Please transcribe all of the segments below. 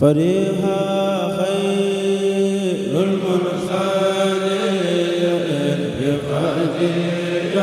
فريها خير المرسلين بقدر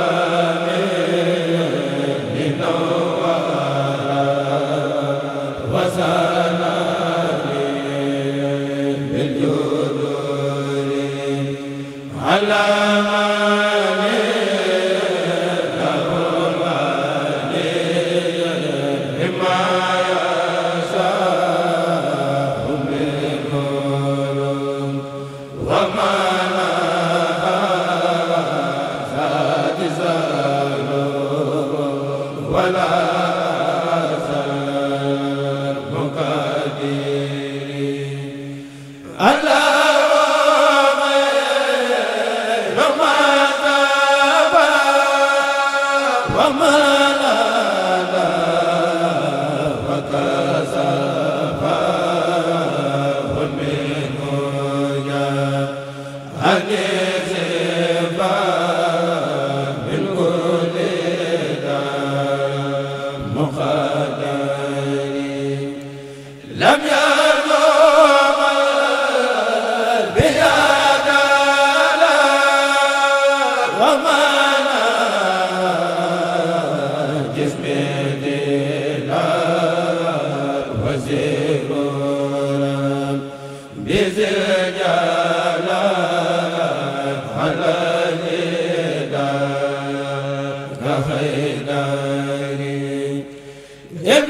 sa la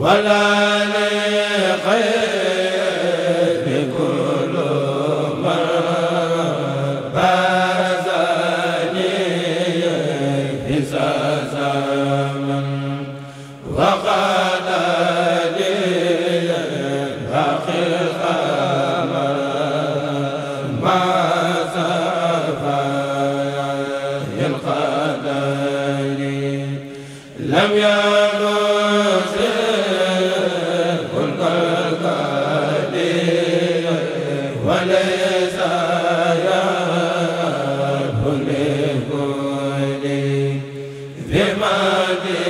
wala liman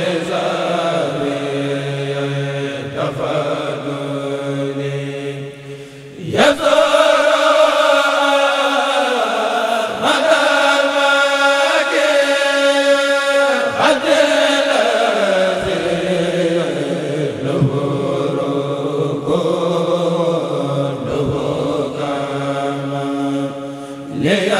leya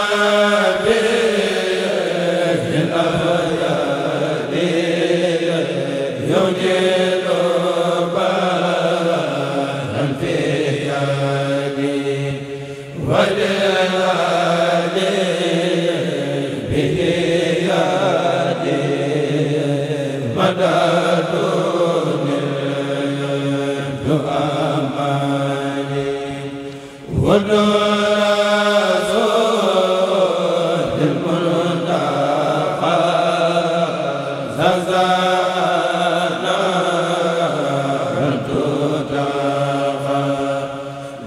wala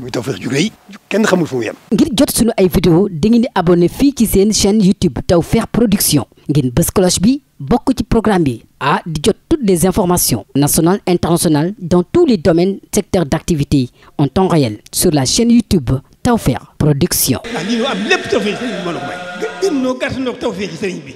muy tawfeex ju rëy kenn xamul fu mu yem. ngir jot sunu ay vidéo dangeen di abonné fii ci seen chaîne YouTube Tawfekh Production ngeen bës bi bokk ci programme bi ah di jot toutes les informations nationales internationales dans tous les domaines secteurs d'activité en temps réel sur la chaîne YouTube Tawfekh Production. Ah,